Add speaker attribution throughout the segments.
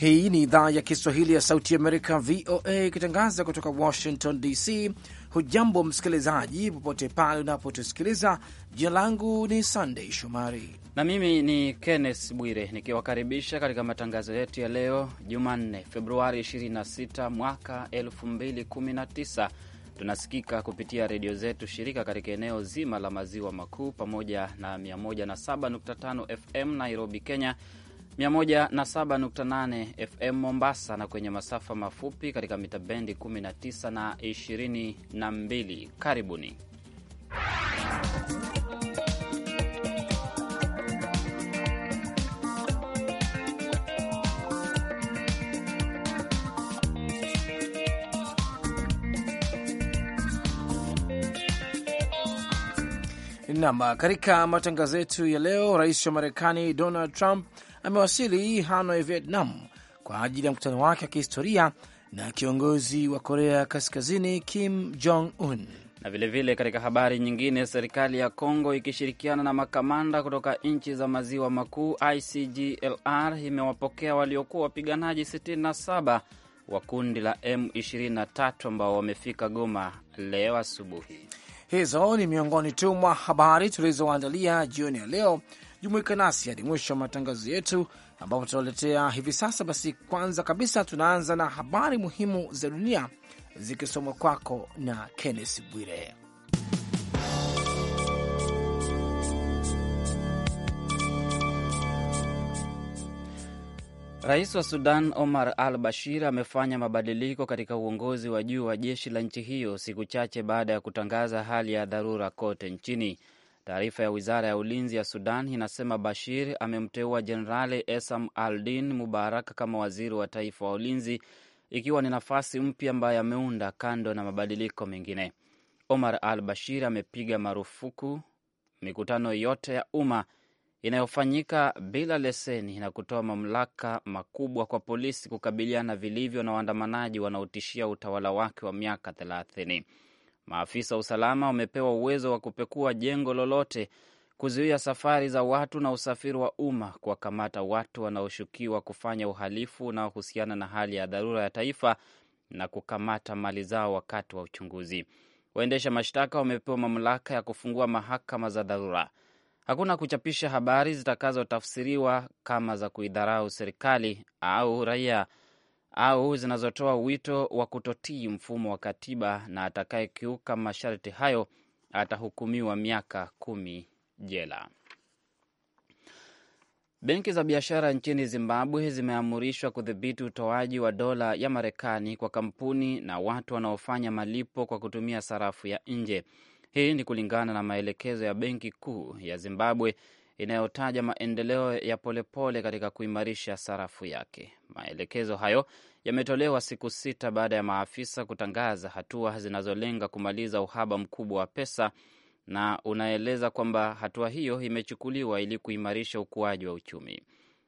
Speaker 1: Hii ni idhaa ya Kiswahili ya Sauti Amerika, VOA, ikitangaza kutoka Washington DC. Hujambo msikilizaji, popote pale unapotusikiliza. Jina langu ni Sandei Shomari
Speaker 2: na mimi ni
Speaker 1: kennes
Speaker 2: Bwire nikiwakaribisha katika matangazo yetu ya leo Jumanne, Februari 26 mwaka 2019. Tunasikika kupitia redio zetu shirika katika eneo zima la maziwa makuu pamoja na 107.5 FM Nairobi, Kenya, 107.8 FM Mombasa na kwenye masafa mafupi katika mita bendi 19 na 22. Karibuni.
Speaker 1: Nam, katika matangazo yetu ya leo, rais wa Marekani Donald Trump amewasili Hanoi, Vietnam, kwa ajili ya mkutano wake wa kihistoria na kiongozi wa Korea Kaskazini Kim Jong Un. Na vilevile katika habari
Speaker 2: nyingine, serikali ya Kongo ikishirikiana na makamanda kutoka nchi za maziwa makuu ICGLR imewapokea waliokuwa wapiganaji 67 wa kundi la M23 ambao wamefika Goma leo asubuhi.
Speaker 1: Hizo ni miongoni tu mwa habari tulizoandalia jioni ya leo. Jumuika nasi hadi mwisho wa matangazo yetu, ambapo tutawaletea hivi sasa. Basi kwanza kabisa, tunaanza na habari muhimu za dunia zikisomwa kwako na kennes Bwire.
Speaker 2: Rais wa Sudan Omar al Bashir amefanya mabadiliko katika uongozi wa juu wa jeshi la nchi hiyo siku chache baada ya kutangaza hali ya dharura kote nchini. Taarifa ya wizara ya ulinzi ya Sudan inasema Bashir amemteua Jenerali Esam Aldin Mubarak kama waziri wa taifa wa ulinzi, ikiwa ni nafasi mpya ambayo ameunda kando na mabadiliko mengine. Omar al Bashir amepiga marufuku mikutano yote ya umma inayofanyika bila leseni na kutoa mamlaka makubwa kwa polisi kukabiliana vilivyo na waandamanaji wanaotishia utawala wake wa miaka thelathini. Maafisa wa usalama wamepewa uwezo wa kupekua jengo lolote, kuzuia safari za watu na usafiri wa umma, kuwakamata watu wanaoshukiwa kufanya uhalifu unaohusiana na hali ya dharura ya taifa na kukamata mali zao wakati wa uchunguzi. Waendesha mashtaka wamepewa mamlaka ya kufungua mahakama za dharura. Hakuna kuchapisha habari zitakazotafsiriwa kama za kuidharau serikali au raia au zinazotoa wito wa kutotii mfumo wa katiba, na atakayekiuka masharti hayo atahukumiwa miaka kumi jela. Benki za biashara nchini Zimbabwe zimeamurishwa kudhibiti utoaji wa dola ya Marekani kwa kampuni na watu wanaofanya malipo kwa kutumia sarafu ya nje. Hii ni kulingana na maelekezo ya Benki Kuu ya Zimbabwe inayotaja maendeleo ya polepole katika kuimarisha sarafu yake. Maelekezo hayo yametolewa siku sita baada ya maafisa kutangaza hatua zinazolenga kumaliza uhaba mkubwa wa pesa, na unaeleza kwamba hatua hiyo imechukuliwa ili kuimarisha ukuaji wa uchumi.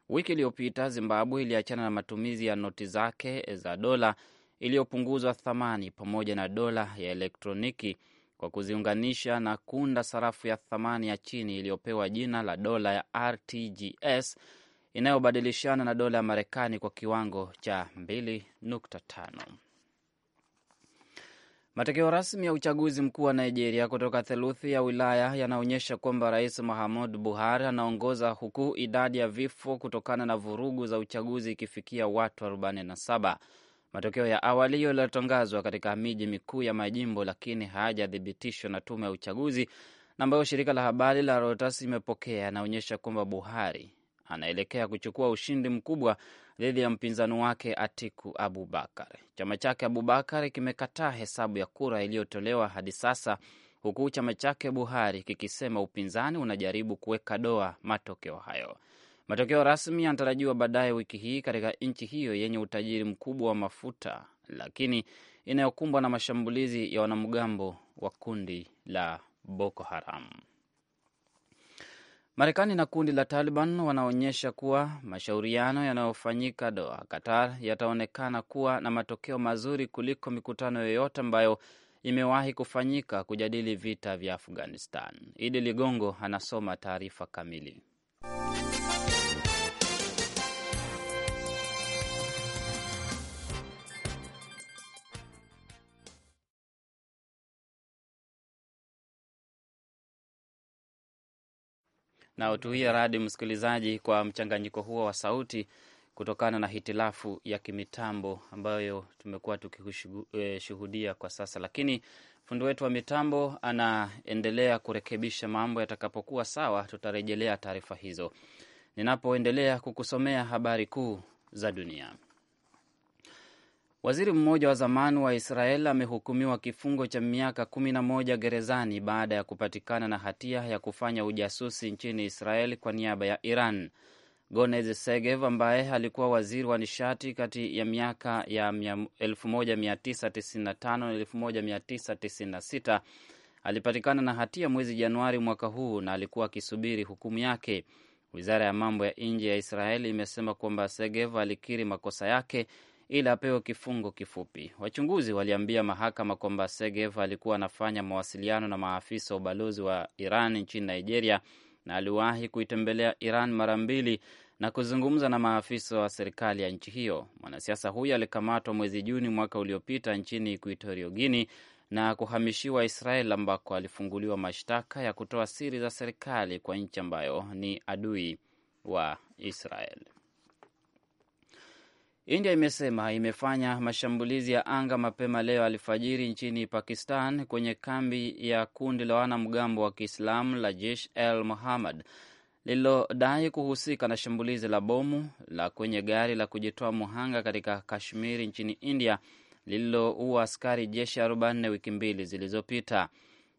Speaker 2: Wiki iliyopita Zimbabwe iliachana na matumizi ya noti zake za dola iliyopunguzwa thamani pamoja na dola ya elektroniki kwa kuziunganisha na kunda sarafu ya thamani ya chini iliyopewa jina la dola ya RTGS inayobadilishana na dola ya Marekani kwa kiwango cha 2.5. Matokeo rasmi ya uchaguzi mkuu wa Nigeria kutoka theluthi ya wilaya yanaonyesha kwamba rais Mahamud Buhari anaongoza huku idadi ya vifo kutokana na vurugu za uchaguzi ikifikia watu 47. Matokeo ya awali yaliyotangazwa katika miji mikuu ya majimbo, lakini hayajathibitishwa na tume ya uchaguzi na ambayo shirika la habari la Reuters imepokea, yanaonyesha kwamba Buhari anaelekea kuchukua ushindi mkubwa dhidi ya mpinzani wake Atiku Abubakar. Chama chake Abubakar kimekataa hesabu ya kura iliyotolewa hadi sasa, huku chama chake Buhari kikisema upinzani unajaribu kuweka doa matokeo hayo. Matokeo rasmi yanatarajiwa baadaye wiki hii katika nchi hiyo yenye utajiri mkubwa wa mafuta, lakini inayokumbwa na mashambulizi ya wanamgambo wa kundi la Boko Haram. Marekani na kundi la Taliban wanaonyesha kuwa mashauriano yanayofanyika Doha, Qatar, yataonekana kuwa na matokeo mazuri kuliko mikutano yoyote ambayo imewahi kufanyika kujadili vita vya Afghanistan. Idi Ligongo anasoma taarifa kamili.
Speaker 3: na utuia radi msikilizaji kwa
Speaker 2: mchanganyiko huo wa sauti kutokana na hitilafu ya kimitambo ambayo tumekuwa tukishuhudia e, kwa sasa, lakini fundi wetu wa mitambo anaendelea kurekebisha mambo. Yatakapokuwa sawa, tutarejelea taarifa hizo ninapoendelea kukusomea habari kuu za dunia. Waziri mmoja wa zamani wa Israel amehukumiwa kifungo cha miaka kumi na moja gerezani baada ya kupatikana na hatia ya kufanya ujasusi nchini Israel kwa niaba ya Iran. Gonez Segev ambaye alikuwa waziri wa nishati kati ya miaka ya 1995 na 1996 alipatikana na hatia mwezi Januari mwaka huu na alikuwa akisubiri hukumu yake. Wizara ya mambo ya nje ya Israel imesema kwamba Segev alikiri makosa yake ili apewe kifungo kifupi. Wachunguzi waliambia mahakama kwamba Segev alikuwa anafanya mawasiliano na maafisa wa ubalozi wa Iran nchini Nigeria na aliwahi kuitembelea Iran mara mbili na kuzungumza na maafisa wa serikali ya nchi hiyo. Mwanasiasa huyo alikamatwa mwezi Juni mwaka uliopita nchini Equatorio Guini na kuhamishiwa Israel ambako alifunguliwa mashtaka ya kutoa siri za serikali kwa nchi ambayo ni adui wa Israel. India imesema imefanya mashambulizi ya anga mapema leo alfajiri nchini Pakistan kwenye kambi ya kundi la wanamgambo wa Kiislamu la Jaish el Muhammad lililodai kuhusika na shambulizi la bomu la kwenye gari la kujitoa muhanga katika Kashmiri nchini India lililoua askari jeshi 44 wiki mbili zilizopita.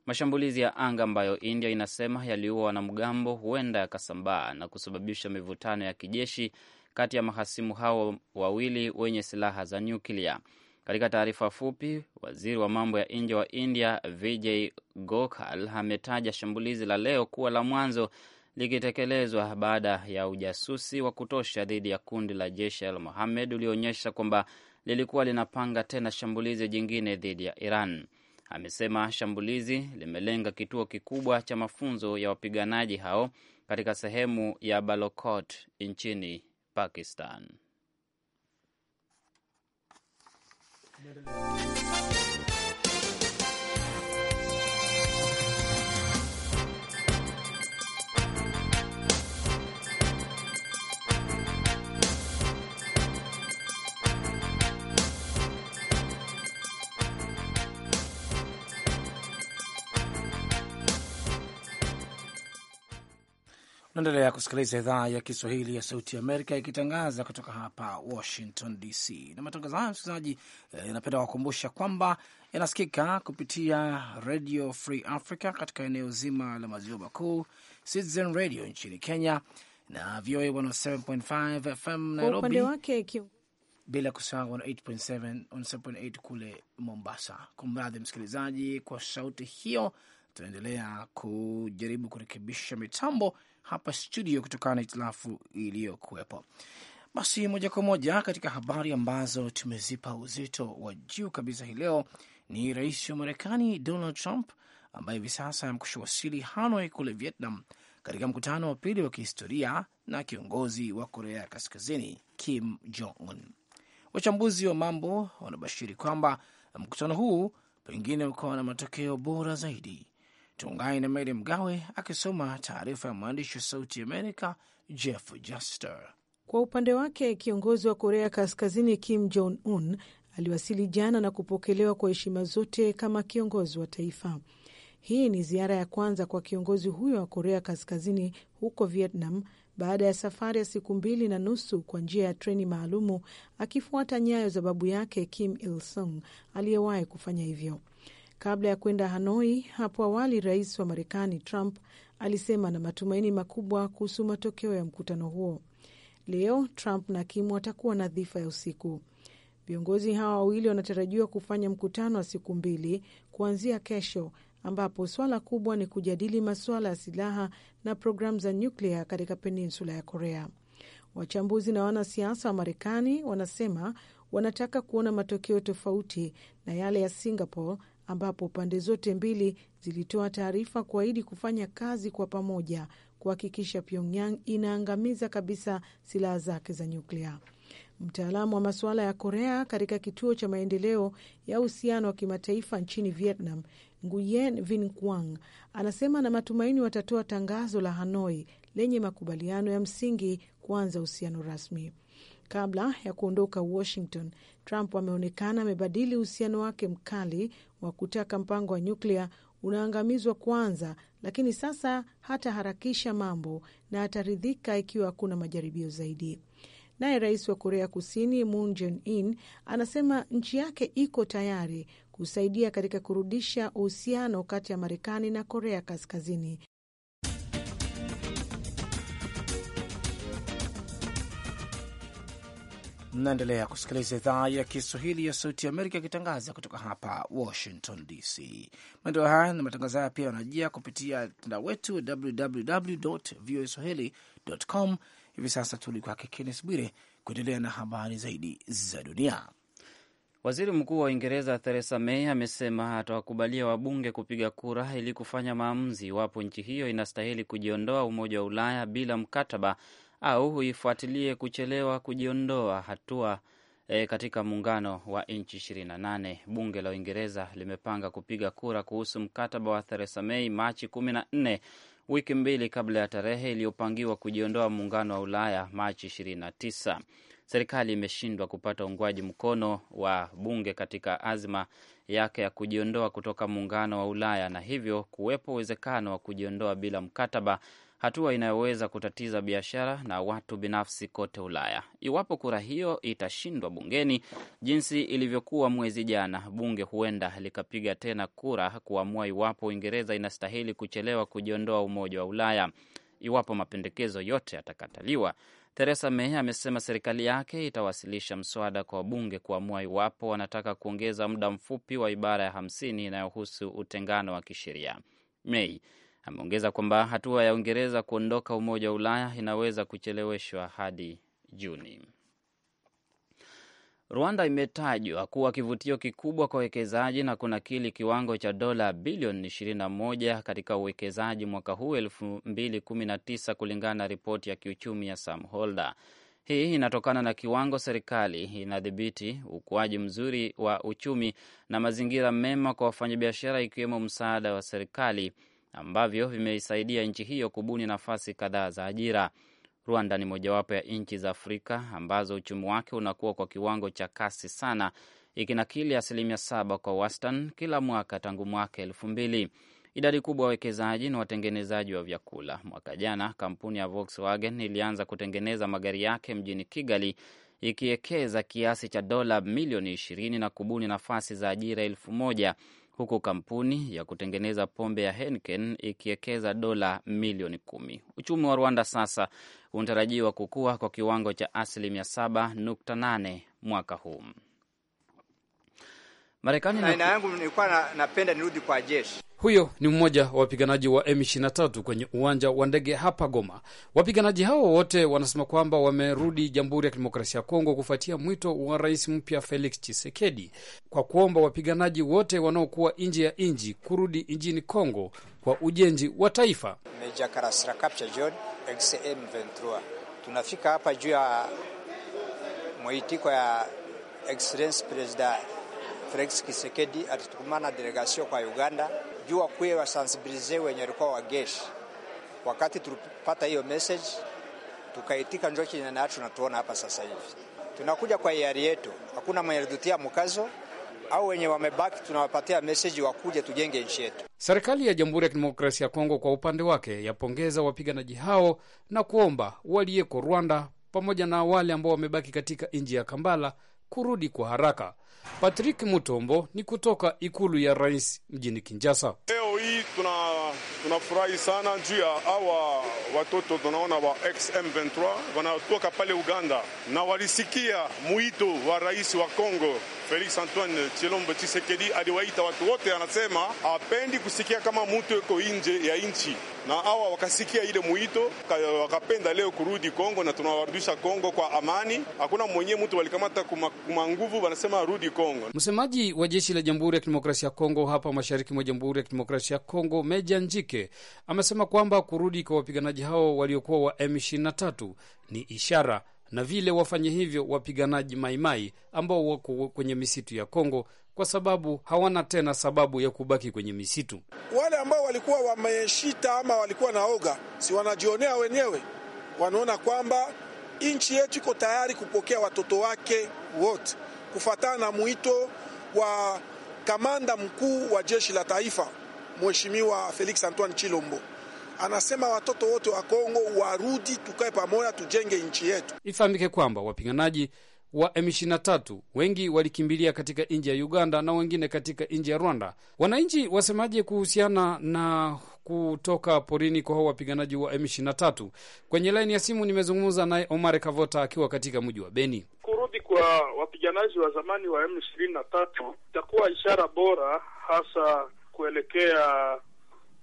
Speaker 2: Mashambulizi ya anga ambayo India inasema yaliua wanamgambo huenda yakasambaa na kusababisha mivutano ya kijeshi kati ya mahasimu hao wawili wenye silaha za nyuklia. Katika taarifa fupi, waziri wa mambo ya nje wa India Vijay Gokhale ametaja shambulizi la leo kuwa la mwanzo likitekelezwa baada ya ujasusi wa kutosha dhidi ya kundi la jeshi al Mohammed ulioonyesha kwamba lilikuwa linapanga tena shambulizi jingine dhidi ya Iran. Amesema shambulizi limelenga kituo kikubwa cha mafunzo ya wapiganaji hao katika sehemu ya Balokot nchini Pakistan.
Speaker 1: Unaendelea kusikiliza idhaa ya Kiswahili ya Sauti Amerika ikitangaza kutoka hapa Washington DC, na matangazo haya msikilizaji, yanapenda eh, kuwakumbusha kwamba yanasikika kupitia Radio Free Africa katika eneo zima la maziwa makuu, Citizen Radio nchini Kenya na VOA 107.5 FM Nairobi bila kusahau 107.8 kule Mombasa. Kumradhi msikilizaji kwa sauti hiyo, tunaendelea kujaribu kurekebisha mitambo hapa studio kutokana na hitilafu iliyokuwepo. Basi moja kwa moja katika habari ambazo tumezipa uzito wa juu kabisa hii leo ni rais wa Marekani Donald Trump ambaye hivi sasa amekusha wasili Hanoi kule Vietnam katika mkutano wa pili wa kihistoria na kiongozi wa Korea ya Kaskazini Kim Jong Un. Wachambuzi wa mambo wanabashiri kwamba mkutano huu pengine ukawa na matokeo bora zaidi Tuungane na Mary Mgawe akisoma taarifa ya mwandishi wa Sauti Amerika Jeff Juster.
Speaker 3: Kwa upande wake, kiongozi wa Korea Kaskazini Kim Jong Un aliwasili jana na kupokelewa kwa heshima zote kama kiongozi wa taifa. Hii ni ziara ya kwanza kwa kiongozi huyo wa Korea Kaskazini huko Vietnam baada ya safari ya siku mbili na nusu kwa njia ya treni maalumu, akifuata nyayo za babu yake Kim Il Sung aliyewahi kufanya hivyo. Kabla ya kwenda Hanoi hapo awali, rais wa Marekani Trump alisema na matumaini makubwa kuhusu matokeo ya mkutano huo. Leo Trump na Kim watakuwa na dhifa ya usiku. Viongozi hawa wawili wanatarajiwa kufanya mkutano wa siku mbili kuanzia kesho, ambapo swala kubwa ni kujadili masuala ya silaha na programu za nyuklia katika peninsula ya Korea. Wachambuzi na wanasiasa wa Marekani wanasema wanataka kuona matokeo tofauti na yale ya Singapore ambapo pande zote mbili zilitoa taarifa kuahidi kufanya kazi kwa pamoja kuhakikisha Pyongyang inaangamiza kabisa silaha zake za nyuklia. Mtaalamu wa masuala ya Korea katika kituo cha maendeleo ya uhusiano wa kimataifa nchini Vietnam, Nguyen Vinh Quang, anasema na matumaini watatoa tangazo la Hanoi lenye makubaliano ya msingi kuanza uhusiano rasmi. Kabla ya kuondoka Washington, Trump ameonekana amebadili uhusiano wake mkali wa kutaka mpango wa nyuklia unaangamizwa kwanza, lakini sasa hataharakisha mambo na ataridhika ikiwa hakuna majaribio zaidi. Naye rais wa Korea Kusini Moon Jae-in anasema nchi yake iko tayari kusaidia katika kurudisha uhusiano kati ya Marekani na Korea Kaskazini
Speaker 1: Mnaendelea kusikiliza idhaa ya Kiswahili ya Sauti Amerika ikitangaza kutoka hapa Washington DC. Maendeleo haya na matangazo haya pia wanajia kupitia mtandao wetu www voa swahili.com. Hivi sasa tuli kwake Kennes Bwire kuendelea na habari zaidi za dunia. Waziri Mkuu
Speaker 2: wa Uingereza Theresa May amesema atawakubalia wabunge kupiga kura ili kufanya maamuzi iwapo nchi hiyo inastahili kujiondoa Umoja wa Ulaya bila mkataba au huifuatilie kuchelewa kujiondoa hatua E, katika muungano wa nchi 28 bunge la Uingereza limepanga kupiga kura kuhusu mkataba wa Theresa May Machi 14, wiki mbili kabla ya tarehe iliyopangiwa kujiondoa muungano wa Ulaya Machi 29. Serikali imeshindwa kupata uungwaji mkono wa bunge katika azma yake ya kujiondoa kutoka muungano wa Ulaya na hivyo kuwepo uwezekano wa kujiondoa bila mkataba hatua inayoweza kutatiza biashara na watu binafsi kote Ulaya iwapo kura hiyo itashindwa bungeni. Jinsi ilivyokuwa mwezi jana, bunge huenda likapiga tena kura kuamua iwapo Uingereza inastahili kuchelewa kujiondoa Umoja wa Ulaya. Iwapo mapendekezo yote yatakataliwa, Theresa May amesema serikali yake itawasilisha mswada kwa wabunge kuamua iwapo wanataka kuongeza muda mfupi wa ibara ya hamsini inayohusu utengano wa kisheria. May Ameongeza kwamba hatua ya Uingereza kuondoka Umoja wa Ulaya inaweza kucheleweshwa hadi Juni. Rwanda imetajwa kuwa kivutio kikubwa kwa wekezaji na kunakili kiwango cha dola bilioni 21 katika uwekezaji mwaka huu 2019 kulingana na ripoti ya kiuchumi ya Sam Holder. Hii inatokana na kiwango serikali inadhibiti, ukuaji mzuri wa uchumi na mazingira mema kwa wafanyabiashara, ikiwemo msaada wa serikali ambavyo vimeisaidia nchi hiyo kubuni nafasi kadhaa za ajira. Rwanda ni mojawapo ya nchi za Afrika ambazo uchumi wake unakuwa kwa kiwango cha kasi sana ikinakili asilimia saba kwa wastan kila mwaka tangu mwaka elfu mbili. Idadi kubwa ya wawekezaji na watengenezaji wa vyakula. Mwaka jana kampuni ya Volkswagen ilianza kutengeneza magari yake mjini Kigali, ikiwekeza kiasi cha dola milioni ishirini na kubuni nafasi za ajira elfu moja huku kampuni ya kutengeneza pombe ya henken ikiwekeza dola milioni kumi. Uchumi wa Rwanda sasa unatarajiwa kukua kwa kiwango cha asilimia 7.8 mwaka huu.
Speaker 4: Marekani
Speaker 5: na yangu nilikuwa napenda nirudi kwa jeshi
Speaker 4: huyo ni mmoja wa wapiganaji wa M23 kwenye uwanja wa ndege hapa Goma. Wapiganaji hao wote wanasema kwamba wamerudi Jamhuri ya Kidemokrasia ya Kongo kufuatia mwito wa rais mpya Felix Tshisekedi kwa kuomba wapiganaji wote wanaokuwa nje ya nchi kurudi nchini Kongo kwa ujenzi wa taifa.
Speaker 5: Meja Karasira Kapcha John XM 23, tunafika hapa juu ya mwitiko ya Excellence President Felix Kisekedi alitukumana delegasio kwa Uganda juu wakuye wasansibilize wenye walikuwa wageshi. Wakati tulipata hiyo message, tukaitika njo chenye nacho tunatuona hapa sasa hivi. Tunakuja kwa hiari yetu, hakuna mwenye alitutia mkazo au wenye wamebaki tunawapatia meseji wakuje tujenge nchi yetu.
Speaker 4: Serikali ya Jamhuri ya Kidemokrasia ya Kongo kwa upande wake yapongeza wapiganaji hao na kuomba waliyeko Rwanda pamoja na wale ambao wamebaki katika nchi ya kambala kurudi kwa haraka Patrick Mutombo ni kutoka ikulu ya rais mjini kinjasa
Speaker 1: Leo hii tuna tunafurahi sana juu ya hawa watoto tunaona wa xm 23 wanatoka pale Uganda na walisikia mwito wa rais wa Kongo Felix Antoine Chilombo Chisekedi aliwaita watu wote, anasema apendi kusikia kama mtu yuko nje ya nchi, na hawa wakasikia ile mwito wakapenda leo kurudi Kongo, na tunawarudisha Kongo kwa amani. Hakuna mwenye mtu walikamata kuma nguvu, wanasema arudi Kongo. Msemaji
Speaker 4: wa jeshi la Jamhuri ya Kidemokrasia ya Kongo hapa mashariki mwa Jamhuri ya Kidemokrasia ya Kongo, Meja Njik Kindiki amesema kwamba kurudi kwa wapiganaji hao waliokuwa wa M23 ni ishara na vile wafanye hivyo wapiganaji maimai ambao wako kwenye misitu ya Kongo kwa sababu hawana tena sababu ya kubaki kwenye misitu.
Speaker 5: Wale ambao walikuwa
Speaker 1: wameshita ama walikuwa na oga, si wanajionea wenyewe, wanaona kwamba nchi yetu iko tayari kupokea watoto wake wote kufatana na mwito wa kamanda mkuu wa jeshi la taifa Mheshimiwa Felix Antoine
Speaker 5: Chilombo anasema watoto wote wa Kongo warudi, tukae pamoja, tujenge nchi yetu.
Speaker 4: Ifahamike kwamba wapiganaji wa M23 wengi walikimbilia katika nchi ya Uganda na wengine katika nchi ya Rwanda. Wananchi wasemaje kuhusiana na kutoka porini kwa hao wapiganaji wa M23? Kwenye laini ya simu nimezungumza naye Omar Kavota akiwa katika mji wa Beni. Kurudi kwa wapiganaji wa zamani wa M23 itakuwa ishara bora hasa kuelekea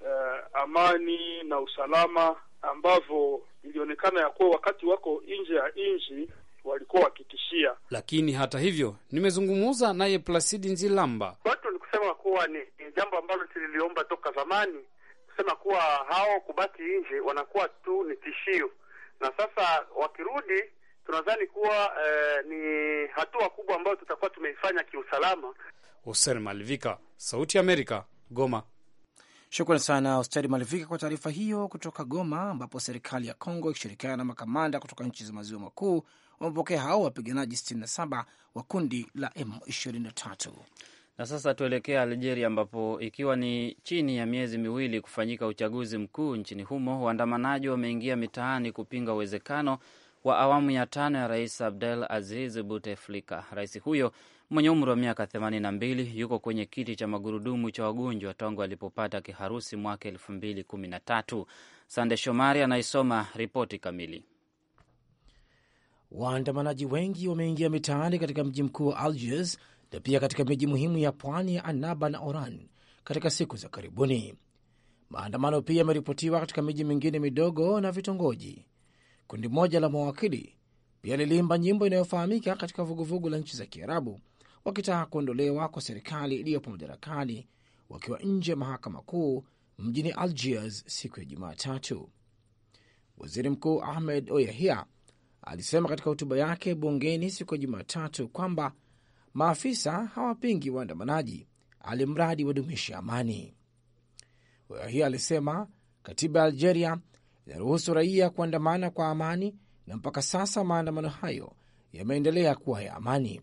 Speaker 4: uh, amani na usalama ambavyo ilionekana ya kuwa wakati wako nje ya nchi walikuwa wakitishia. Lakini hata hivyo, nimezungumza naye Plasidi Nzilamba, watu ni kusema kuwa ni jambo ambalo tuliliomba toka zamani, kusema kuwa hao kubaki nje wanakuwa tu ni tishio, na sasa wakirudi tunadhani kuwa eh, ni hatua kubwa ambayo tutakuwa tumeifanya kiusalama. Hussein Sauti ya Amerika, Goma. Shukran sana Osteri
Speaker 1: Malivika kwa taarifa hiyo kutoka Goma, ambapo serikali ya Kongo ikishirikiana na makamanda kutoka nchi za maziwa makuu wamepokea hao wapiganaji 67 wa kundi la M23.
Speaker 2: Na sasa tuelekea Algeria, ambapo ikiwa ni chini ya miezi miwili kufanyika uchaguzi mkuu nchini humo, waandamanaji wameingia mitaani kupinga uwezekano wa awamu ya tano ya Rais Abdel Aziz Buteflika. Rais huyo mwenye umri wa miaka 82 yuko kwenye kiti cha magurudumu cha wagonjwa tangu alipopata kiharusi mwaka 2013. Sande Shomari anaisoma ripoti kamili.
Speaker 1: Waandamanaji wengi wameingia mitaani katika mji mkuu wa Algiers na pia katika miji muhimu ya pwani ya anaba na Oran katika siku za karibuni. Maandamano pia yameripotiwa katika miji mingine midogo na vitongoji. Kundi moja la mawakili pia liliimba nyimbo inayofahamika katika vuguvugu la nchi za Kiarabu, wakitaka kuondolewa kwa serikali iliyopo madarakani, wakiwa nje ya mahakama kuu mjini Algiers siku ya Jumatatu. Waziri Mkuu Ahmed Oyahia alisema katika hotuba yake bungeni siku ya Jumatatu kwamba maafisa hawapingi waandamanaji, alimradi wadumishi amani. Oyahia alisema katiba ya Algeria inaruhusu raia kuandamana kwa amani, na mpaka sasa maandamano hayo yameendelea kuwa ya amani.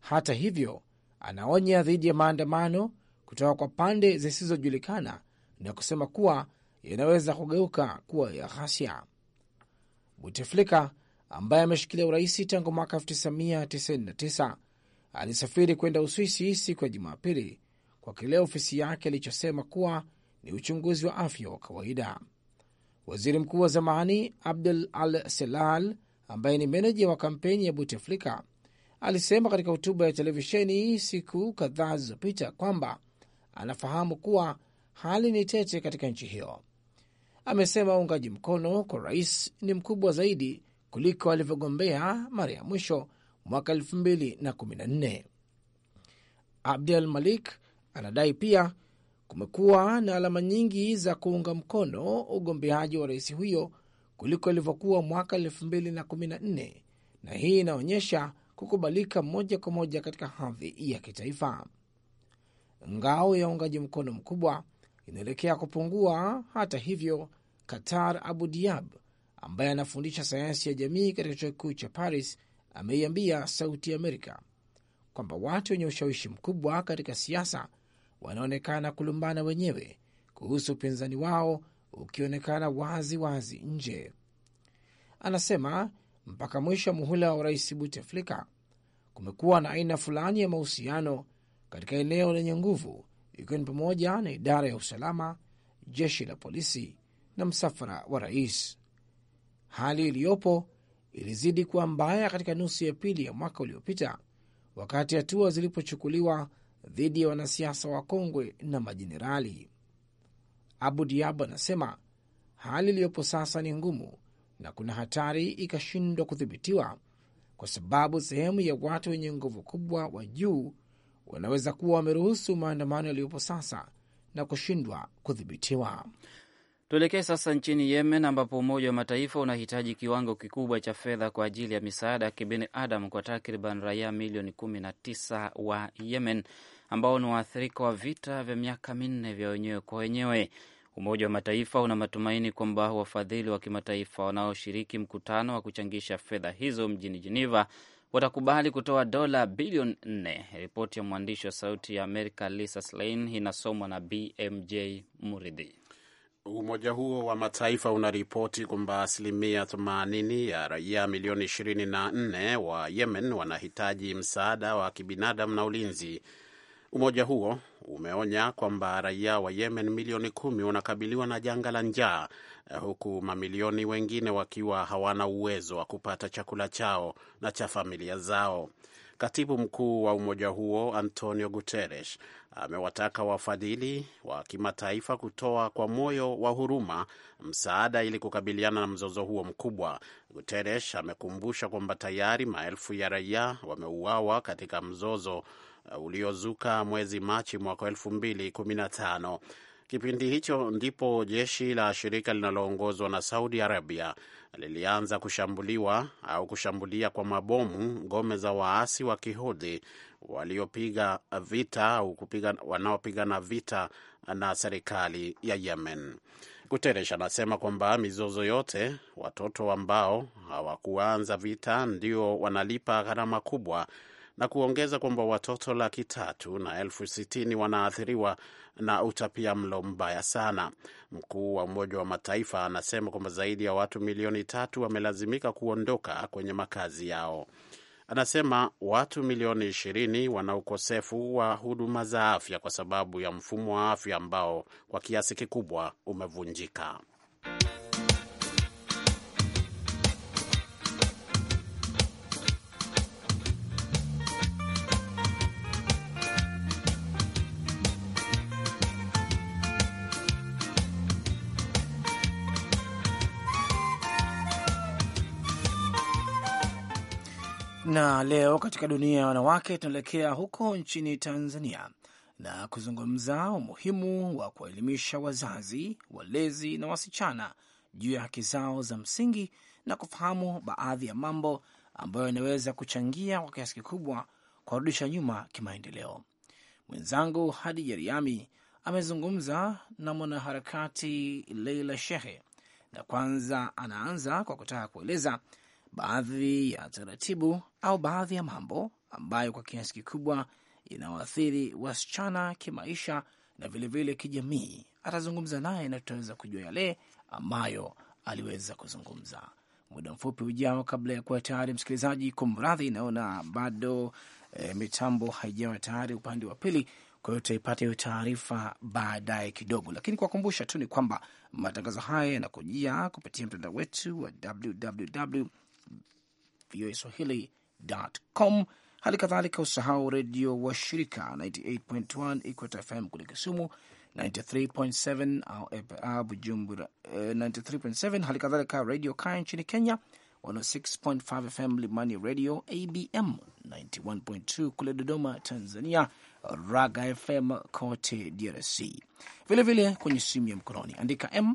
Speaker 1: Hata hivyo, anaonya dhidi ya maandamano kutoka kwa pande zisizojulikana na kusema kuwa yanaweza kugeuka kuwa ya ghasia. Buteflika ambaye ameshikilia uraisi tangu mwaka 1999 alisafiri kwenda Uswisi siku ya Jumapili kwa kile ofisi yake ilichosema kuwa ni uchunguzi wa afya wa kawaida. Waziri mkuu wa zamani Abdul Al Selal, ambaye ni meneja wa kampeni ya Buteflika, alisema katika hotuba ya televisheni siku kadhaa zilizopita kwamba anafahamu kuwa hali ni tete katika nchi hiyo. Amesema uungaji mkono kwa rais ni mkubwa zaidi kuliko alivyogombea mara ya mwisho mwaka 2014. Abdul Malik anadai pia kumekuwa na alama nyingi za kuunga mkono ugombeaji wa rais huyo kuliko ilivyokuwa mwaka 2014 na hii inaonyesha kukubalika moja kwa moja katika hadhi ya kitaifa. Ngao ya uungaji mkono mkubwa inaelekea kupungua. Hata hivyo, Qatar Abu Diab ambaye anafundisha sayansi ya jamii katika chuo kikuu cha Paris ameiambia Sauti ya Amerika kwamba watu wenye ushawishi mkubwa katika siasa wanaonekana kulumbana wenyewe kuhusu upinzani wao ukionekana wazi wazi nje. Anasema mpaka mwisho wa muhula wa rais Buteflika kumekuwa na aina fulani ya mahusiano katika eneo lenye nguvu, ikiwa ni pamoja na idara ya usalama, jeshi la polisi na msafara wa rais. Hali iliyopo ilizidi kuwa mbaya katika nusu ya pili ya mwaka uliopita, wakati hatua zilipochukuliwa dhidi ya wanasiasa wakongwe na majenerali. Abu Diab anasema hali iliyopo sasa ni ngumu na kuna hatari ikashindwa kudhibitiwa, kwa sababu sehemu ya watu wenye nguvu kubwa wa juu wanaweza kuwa wameruhusu maandamano yaliyopo sasa na kushindwa kudhibitiwa.
Speaker 2: Tuelekee sasa nchini Yemen ambapo Umoja wa Mataifa unahitaji kiwango kikubwa cha fedha kwa ajili ya misaada ya kibinadamu kwa takriban raia milioni kumi na tisa wa Yemen ambao ni waathirika wa vita vya miaka minne vya wenyewe kwa wenyewe. Umoja wa Mataifa una matumaini kwamba wafadhili wa kimataifa wanaoshiriki mkutano wa kuchangisha fedha hizo mjini jeneva watakubali kutoa dola bilioni nne. Ripoti ya mwandishi wa Sauti ya Amerika Lisa Slain inasomwa na
Speaker 5: BMJ Muridhi. Umoja huo wa Mataifa unaripoti kwamba asilimia 80 ya raia milioni 24 wa Yemen wanahitaji msaada wa kibinadamu na ulinzi. Umoja huo umeonya kwamba raia wa Yemen milioni kumi wanakabiliwa na janga la njaa, huku mamilioni wengine wakiwa hawana uwezo wa kupata chakula chao na cha familia zao. Katibu mkuu wa umoja huo Antonio Guterres amewataka wafadhili wa kimataifa kutoa kwa moyo wa huruma msaada ili kukabiliana na mzozo huo mkubwa. Guterres amekumbusha kwamba tayari maelfu ya raia wameuawa katika mzozo uh, uliozuka mwezi Machi mwaka elfu mbili kumi na tano. Kipindi hicho ndipo jeshi la shirika linaloongozwa na Saudi Arabia lilianza kushambuliwa au kushambulia kwa mabomu ngome za waasi wa Kihudhi waliopiga vita au wanaopigana vita na serikali ya Yemen. Guterres anasema kwamba mizozo yote, watoto ambao hawakuanza vita ndio wanalipa gharama kubwa na kuongeza kwamba watoto laki tatu na elfu sitini wanaathiriwa na utapia mlo mbaya sana. Mkuu wa Umoja wa Mataifa anasema kwamba zaidi ya watu milioni tatu wamelazimika kuondoka kwenye makazi yao. Anasema watu milioni ishirini wana ukosefu wa huduma za afya kwa sababu ya mfumo wa afya ambao kwa kiasi kikubwa umevunjika.
Speaker 1: Na leo katika dunia ya wanawake tunaelekea huko nchini Tanzania na kuzungumza umuhimu wa kuwaelimisha wazazi, walezi na wasichana juu ya haki zao za msingi na kufahamu baadhi ya mambo ambayo yanaweza kuchangia kwa kiasi kikubwa kuwarudisha nyuma kimaendeleo. Mwenzangu hadi jeriami amezungumza na mwanaharakati Leila Shehe, na kwanza anaanza kwa kutaka kueleza baadhi ya taratibu au baadhi ya mambo ambayo kwa kiasi kikubwa inawaathiri wasichana kimaisha na vilevile vile kijamii. Atazungumza naye na tutaweza kujua yale ambayo aliweza kuzungumza muda mfupi ujao. Kabla ya kuwa tayari, msikilizaji, kumradhi, naona bado e, mitambo haijawa tayari upande wa pili kwa hiyo tutaipata hiyo taarifa baadaye kidogo, lakini kuwakumbusha tu ni kwamba matangazo haya yanakujia kupitia mtandao wetu wa www voa swahili.com. Hali kadhalika usahau redio wa shirika 98.1 Equator FM kule Kisumu, 93.7 Bujumbura, 93.7 eh, hali kadhalika redio Kaya nchini Kenya, 106.5 FM Limani Radio, ABM 91.2 kule Dodoma Tanzania, Raga FM kote DRC. Vilevile kwenye simu ya mkononi andika m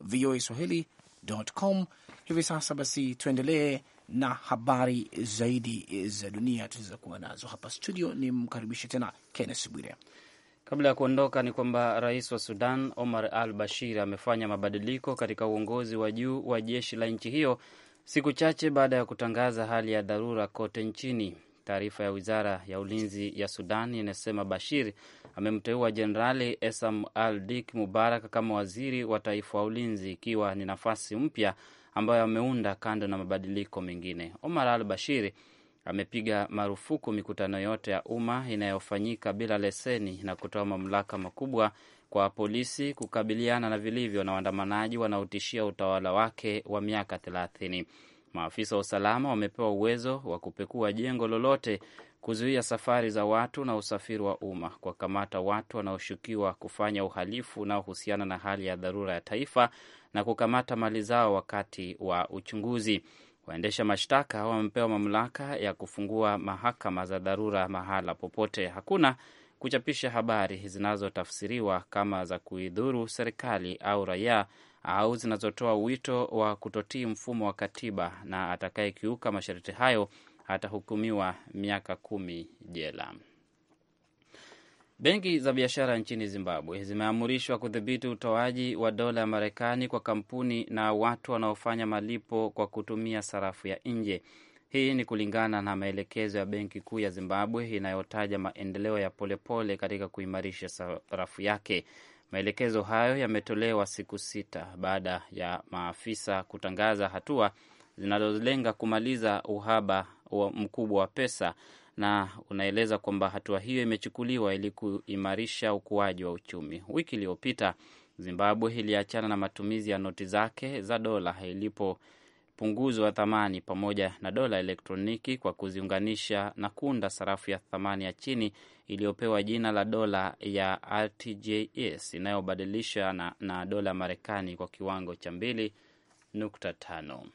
Speaker 1: voa swahili.com. Hivi sasa basi tuendelee na habari zaidi za dunia kuwa nazo hapa studio. Ni mkaribishe tena Kennes Bwire.
Speaker 2: Kabla ya kuondoka ni kwamba rais wa Sudan Omar al Bashir amefanya mabadiliko katika uongozi wa juu wa jeshi la nchi hiyo siku chache baada ya kutangaza hali ya dharura kote nchini. Taarifa ya wizara ya ulinzi ya Sudan inasema Bashir amemteua Jenerali Esam al Dik Mubarak kama waziri wa taifa wa ulinzi, ikiwa ni nafasi mpya ambayo ameunda kando na mabadiliko mengine. Omar al Bashir amepiga marufuku mikutano yote ya umma inayofanyika bila leseni na kutoa mamlaka makubwa kwa polisi kukabiliana na vilivyo na waandamanaji wanaotishia utawala wake wa miaka thelathini. Maafisa wa usalama wamepewa uwezo wa kupekua jengo lolote, kuzuia safari za watu na usafiri wa umma, kuwakamata watu wanaoshukiwa kufanya uhalifu unaohusiana na hali ya dharura ya taifa na kukamata mali zao wakati wa uchunguzi. Waendesha mashtaka wamepewa mamlaka ya kufungua mahakama za dharura mahala popote. Hakuna kuchapisha habari zinazotafsiriwa kama za kuidhuru serikali au raia au zinazotoa wito wa kutotii mfumo wa katiba, na atakayekiuka masharti hayo atahukumiwa miaka kumi jela. Benki za biashara nchini Zimbabwe zimeamurishwa kudhibiti utoaji wa dola ya Marekani kwa kampuni na watu wanaofanya malipo kwa kutumia sarafu ya nje. Hii ni kulingana na maelekezo ya Benki Kuu ya Zimbabwe inayotaja maendeleo ya polepole katika kuimarisha sarafu yake. Maelekezo hayo yametolewa siku sita baada ya maafisa kutangaza hatua zinazolenga kumaliza uhaba mkubwa wa pesa na unaeleza kwamba hatua hiyo imechukuliwa ili kuimarisha ukuaji wa uchumi. Wiki iliyopita Zimbabwe iliachana na matumizi ya noti zake za dola ilipopunguzwa thamani pamoja na dola elektroniki kwa kuziunganisha na kuunda sarafu ya thamani ya chini iliyopewa jina la dola ya RTJS inayobadilisha na, na dola Marekani kwa kiwango cha mbili nukta tano.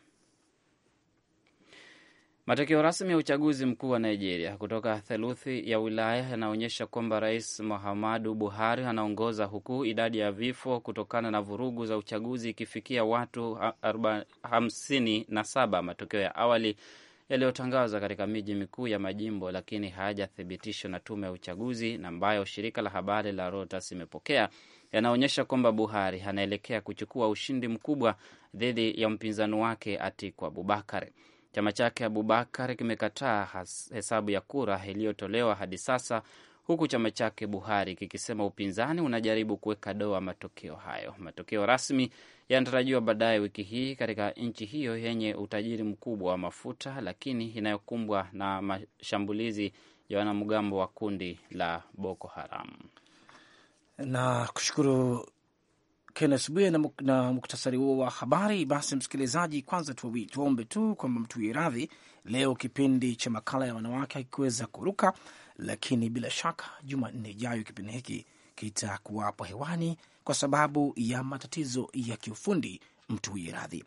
Speaker 2: Matokeo rasmi ya uchaguzi mkuu wa Nigeria kutoka theluthi ya wilaya yanaonyesha kwamba Rais Muhammadu Buhari anaongoza huku idadi ya vifo kutokana na vurugu za uchaguzi ikifikia watu 57. matokeo ya awali yaliyotangazwa katika miji mikuu ya majimbo lakini hayajathibitishwa na tume ya uchaguzi na ambayo shirika la habari la Reuters imepokea yanaonyesha kwamba Buhari anaelekea kuchukua ushindi mkubwa dhidi ya mpinzani wake Atiku Abubakar. Chama chake Abubakar kimekataa hesabu ya kura iliyotolewa hadi sasa, huku chama chake Buhari kikisema upinzani unajaribu kuweka doa matokeo hayo. Matokeo rasmi yanatarajiwa baadaye wiki hii katika nchi hiyo yenye utajiri mkubwa wa mafuta, lakini inayokumbwa na mashambulizi ya wanamgambo wa kundi
Speaker 1: la Boko Haram. Na kushukuru Kennes Bwire na, muk, na muktasari huo wa habari. Basi msikilizaji, kwanza tuombe tu kwamba mtuwie radhi, leo kipindi cha makala ya wanawake akiweza kuruka, lakini bila shaka Jumanne ijayo kipindi hiki kitakuwapo hewani kwa sababu ya matatizo ya kiufundi, mtuwie radhi.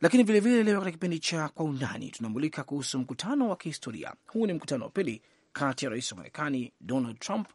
Speaker 1: Lakini vilevile leo katika kipindi cha kwa undani tunamulika kuhusu mkutano wa kihistoria. Huu ni mkutano wa pili kati ya rais wa Marekani Donald Trump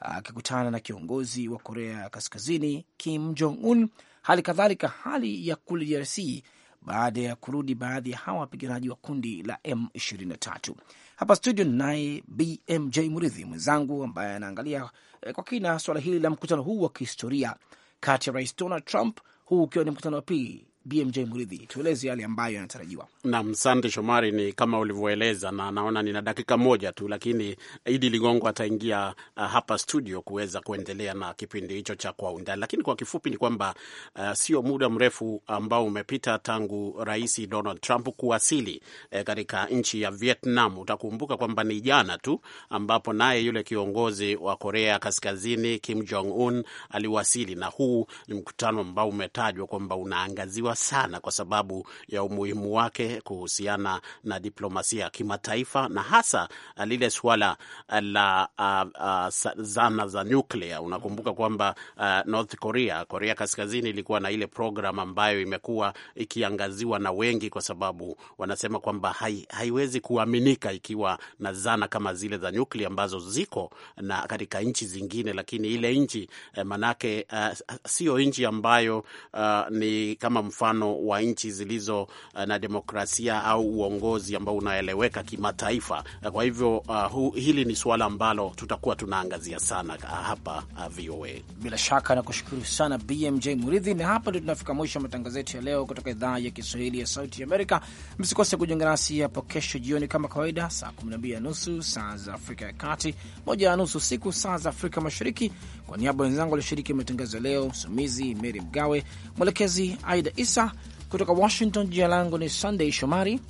Speaker 1: akikutana na kiongozi wa Korea Kaskazini Kim Jong Un, hali kadhalika hali ya kule DRC baada ya kurudi baadhi ya hawa wapiganaji wa kundi la M23. Hapa studio ninaye BMJ Muridhi mwenzangu ambaye anaangalia eh, kwa kina suala hili la mkutano huu wa kihistoria kati ya Rais Donald Trump, huu ukiwa ni mkutano wa pili BMJ Mridhi, tueleze yale ambayo yanatarajiwa.
Speaker 5: Naam, sante Shomari, ni kama ulivyoeleza, na naona nina dakika moja tu, lakini Idi Ligongo ataingia uh, hapa studio kuweza kuendelea na kipindi hicho cha Kwa Undani, lakini kwa kifupi ni kwamba uh, sio muda mrefu ambao umepita tangu Rais Donald Trump kuwasili uh, katika nchi ya Vietnam. Utakumbuka kwamba ni jana tu ambapo naye yule kiongozi wa Korea Kaskazini Kim Jong Un aliwasili, na huu ni mkutano ambao umetajwa kwamba unaangaziwa linapendwa sana kwa sababu ya umuhimu wake kuhusiana na diplomasia ya kimataifa na hasa uh, lile suala uh, la uh, uh, zana za nyuklia. Unakumbuka kwamba uh, North Korea, Korea Kaskazini ilikuwa na ile program ambayo imekuwa ikiangaziwa na wengi kwa sababu wanasema kwamba hai, haiwezi kuaminika ikiwa na zana kama zile za nyuklia ambazo ziko na katika nchi zingine, lakini ile nchi eh, manake uh, sio nchi ambayo uh, ni kama mfano wa nchi zilizo eh, na demokrasia au uongozi ambao unaeleweka kimataifa. Eh, kwa hivyo uh, hu, hili ni suala ambalo tutakuwa tunaangazia sana hapa uh, VOA.
Speaker 1: Bila shaka nakushukuru sana BMJ Muridhi, na hapa ndio tunafika mwisho wa matangazo yetu ya leo kutoka idhaa ya Kiswahili ya Sauti ya Amerika. Msikose kujiunga nasi hapo kesho jioni kama kawaida, saa 12 na nusu saa za Afrika ya Kati, moja na nusu siku saa za Afrika Mashariki. Kwa niaba wenzangu walioshiriki matangazo ya leo, msimamizi Meri Mgawe, mwelekezi Aida Isa kabisa kutoka Washington. Jina langu ni Sunday Shomari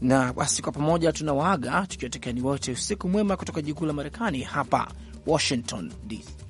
Speaker 1: na basi kwa pamoja tunawaaga tukiwatakieni wote usiku mwema kutoka jikuu la Marekani hapa Washington DC.